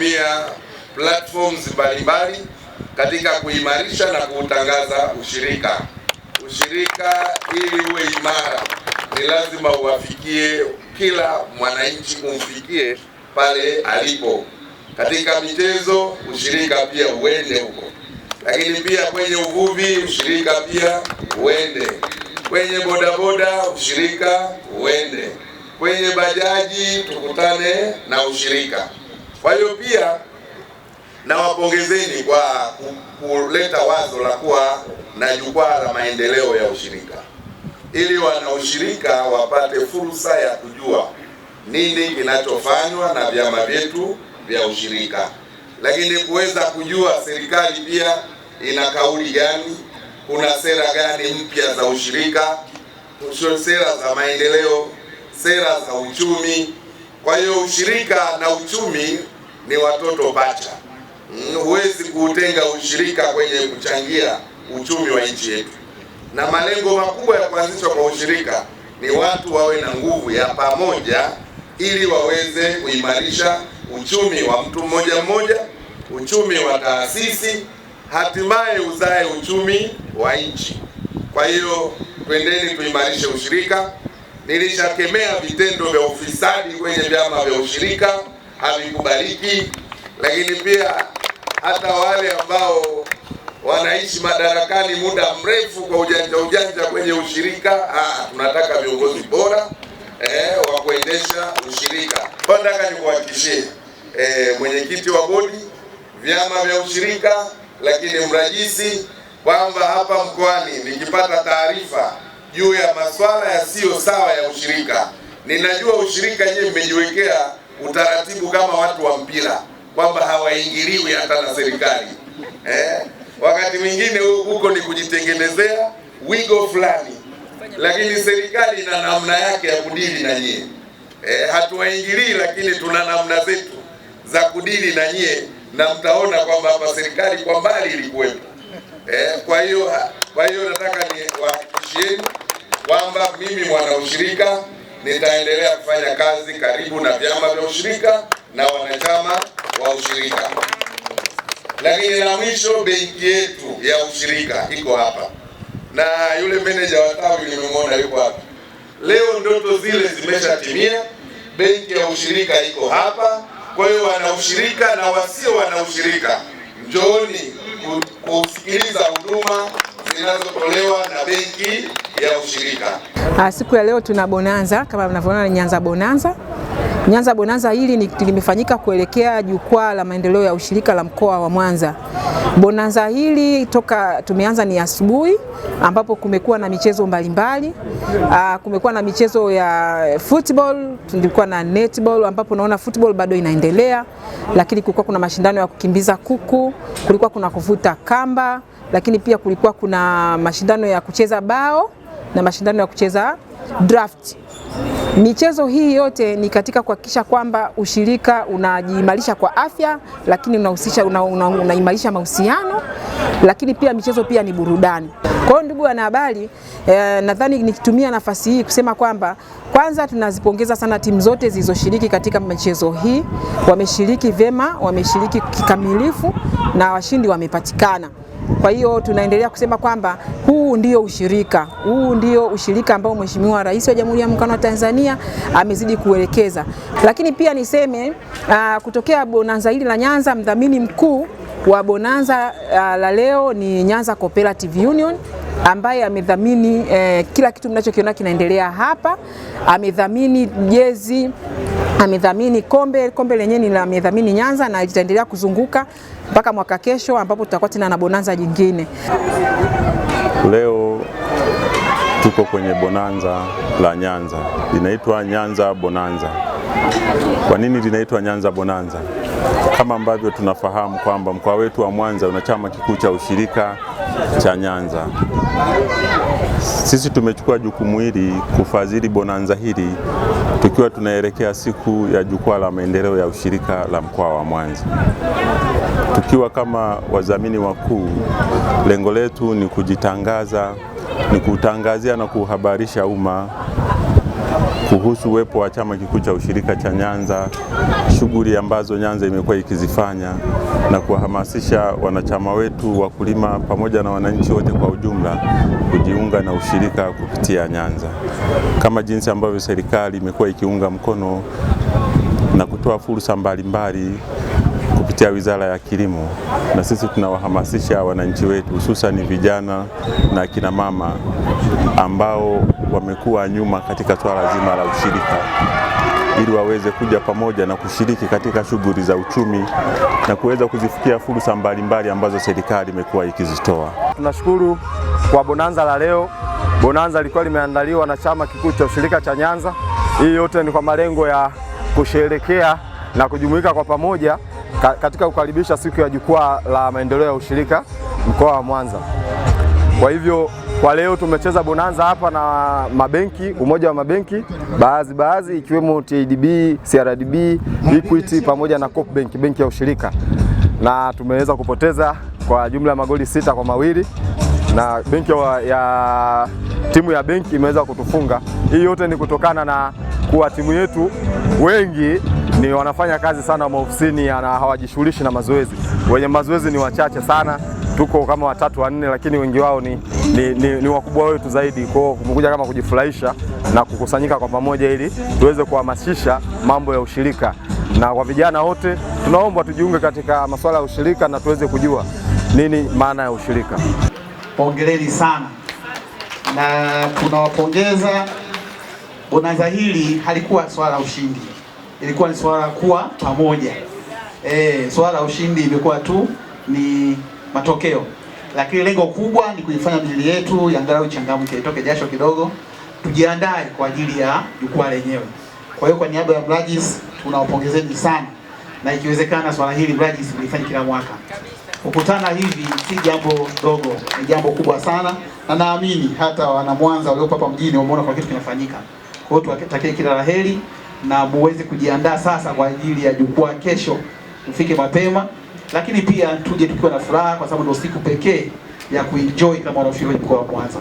kutumia platforms mbalimbali katika kuimarisha na kuutangaza ushirika. Ushirika ili uwe imara, ni lazima uwafikie kila mwananchi, umfikie pale alipo. Katika michezo, ushirika pia uende huko, lakini pia kwenye uvuvi, ushirika pia uende kwenye bodaboda, ushirika uende kwenye bajaji, tukutane na ushirika. Kwa hiyo pia nawapongezeni kwa kuleta wazo la kuwa na jukwaa la maendeleo ya ushirika ili wanaushirika wapate fursa ya kujua nini kinachofanywa na vyama vyetu vya ushirika, lakini kuweza kujua serikali pia ina kauli gani, kuna sera gani mpya za ushirika, sera za maendeleo, sera za uchumi. Kwa hiyo ushirika na uchumi ni watoto pacha. Huwezi kuutenga ushirika kwenye kuchangia uchumi wa nchi yetu, na malengo makubwa ya kuanzishwa kwa ushirika ni watu wawe na nguvu ya pamoja ili waweze kuimarisha uchumi wa mtu mmoja mmoja, uchumi wa taasisi, hatimaye uzae uchumi wa nchi. Kwa hiyo twendeni tuimarishe ushirika. Nilishakemea vitendo vya ufisadi kwenye vyama vya ushirika havikubaliki, lakini pia hata wale ambao wanaishi madarakani muda mrefu kwa ujanja ujanja kwenye ushirika ah, tunataka viongozi bora eh, wa kuendesha ushirika. Nataka nikuhakikishie eh, mwenyekiti wa bodi, vyama vya ushirika, lakini mrajisi kwamba hapa mkoani nikipata taarifa juu ya masuala yasiyo sawa ya ushirika, ninajua ushirika yeye mmejiwekea utaratibu kama watu wa mpira kwamba hawaingiliwi hata na serikali eh? Wakati mwingine huko ni kujitengenezea wigo fulani, lakini serikali ina namna yake ya kudili na nyie eh, hatuwaingilii, lakini tuna namna zetu za kudili na nyie, na mtaona kwamba hapa serikali kwa mbali ilikuwepo eh. Kwa hiyo kwa hiyo nataka niwahakikishieni kwamba mimi mwana ushirika nitaendelea kufanya kazi karibu na vyama vya ushirika na wanachama wa ushirika. Lakini la mwisho, benki yetu ya ushirika iko hapa, na yule meneja wa tawi nimemwona yuko hapa leo. Ndoto zile zimeshatimia, benki ya ushirika iko hapa. Kwa hiyo wanaushirika na wasio wanaushirika, njooni kusikiliza huduma zinazotolewa na benki ya ushirika. Ah, siku ya leo tuna bonanza kama mnavyoona, ni Nyanza bonanza. Nyanza bonanza hili limefanyika kuelekea jukwaa la maendeleo ya ushirika la mkoa wa Mwanza. Bonanza hili toka tumeanza ni asubuhi, ambapo kumekuwa na michezo mbalimbali mbali. Ah, kumekuwa na michezo ya football, tulikuwa na netball, ambapo naona football bado inaendelea, lakini kulikuwa kuna mashindano ya kukimbiza kuku, kulikuwa kuna kuvuta kamba, lakini pia kulikuwa kuna mashindano ya kucheza bao na mashindano ya kucheza draft. Michezo hii yote ni katika kuhakikisha kwamba ushirika unajiimarisha kwa afya, lakini unahusisha unaimarisha una, una mahusiano, lakini pia michezo pia ni burudani. Kwa hiyo ndugu wanahabari, eh, nadhani nikitumia nafasi hii kusema kwamba kwanza tunazipongeza sana timu zote zilizoshiriki katika michezo hii. Wameshiriki vyema, wameshiriki kikamilifu na washindi wamepatikana. Kwa hiyo tunaendelea kusema kwamba huu ndio ushirika, huu ndio ushirika ambao Mheshimiwa Rais wa Jamhuri ya Muungano wa Tanzania amezidi kuelekeza. Lakini pia niseme uh, kutokea bonanza hili la Nyanza, mdhamini mkuu wa bonanza uh, la leo ni Nyanza Cooperative Union ambaye amedhamini eh, kila kitu mnachokiona kinaendelea hapa. Amedhamini jezi, amedhamini kombe, kombe lenyewe ni la amedhamini Nyanza na litaendelea kuzunguka mpaka mwaka kesho ambapo tutakuwa tena na bonanza jingine. Leo tuko kwenye bonanza la Nyanza, linaitwa Nyanza Bonanza. Kwa nini linaitwa Nyanza Bonanza? Kama ambavyo tunafahamu kwamba mkoa wetu wa Mwanza una chama kikuu cha ushirika cha Nyanza. Sisi tumechukua jukumu hili kufadhili bonanza hili tukiwa tunaelekea siku ya jukwaa la maendeleo ya ushirika la mkoa wa Mwanza tukiwa kama wadhamini wakuu, lengo letu ni kujitangaza, ni kutangazia na kuhabarisha umma kuhusu uwepo wa chama kikuu cha ushirika cha Nyanza, shughuli ambazo Nyanza imekuwa ikizifanya na kuwahamasisha wanachama wetu wakulima, pamoja na wananchi wote kwa ujumla kujiunga na ushirika kupitia Nyanza, kama jinsi ambavyo serikali imekuwa ikiunga mkono na kutoa fursa mbalimbali kupitia Wizara ya Kilimo, na sisi tunawahamasisha wananchi wetu hususan vijana na kina mama ambao wamekuwa nyuma katika swala zima la ushirika ili waweze kuja pamoja na kushiriki katika shughuli za uchumi na kuweza kuzifikia fursa mbalimbali ambazo serikali imekuwa ikizitoa. Tunashukuru kwa bonanza la leo. Bonanza lilikuwa limeandaliwa na chama kikuu cha ushirika cha Nyanza. Hii yote ni kwa malengo ya kusherekea na kujumuika kwa pamoja katika kukaribisha siku ya jukwaa la maendeleo ya ushirika mkoa wa Mwanza. Kwa hivyo kwa leo tumecheza bonanza hapa na mabenki, umoja wa mabenki baadhi baadhi, ikiwemo TADB, CRDB, Equity pamoja na Coop Bank, benki ya ushirika, na tumeweza kupoteza kwa jumla ya magoli sita kwa mawili na benki ya timu ya benki imeweza kutufunga. Hii yote ni kutokana na kuwa timu yetu wengi ni wanafanya kazi sana maofisini na hawajishughulishi na mazoezi. Wenye mazoezi ni wachache sana, tuko kama watatu wanne, lakini wengi wao ni, ni, ni, ni wakubwa wetu zaidi. Kwao kumekuja kama kujifurahisha na kukusanyika kwa pamoja ili tuweze kuhamasisha mambo ya ushirika, na kwa vijana wote tunaomba tujiunge katika masuala ya ushirika na tuweze kujua nini maana ya ushirika. Pongereni sana na tunawapongeza Bonanza hili halikuwa swala ushindi, ilikuwa ni swala kuwa pamoja. E, swala ushindi imekuwa tu ni matokeo, lakini lengo kubwa ni kuifanya miili yetu yangalau changamke, itoke jasho kidogo, tujiandae kwa ajili ya jukwaa lenyewe. Kwa hiyo kwa niaba ya Mrajis tunawapongezeni sana, na ikiwezekana swala hili Mrajis mlifanye kila mwaka. Kukutana hivi si jambo dogo, ni jambo kubwa sana, na naamini hata wana Mwanza waliopo hapa mjini wameona kwa kitu kinafanyika. Kwa hiyo tuwatakie kila la heri na muweze kujiandaa sasa kwa ajili ya jukwaa kesho, mfike mapema, lakini pia tuje tukiwa na furaha, kwa sababu ndio siku pekee ya kuenjoy kama wa mkoa wa Mwanza.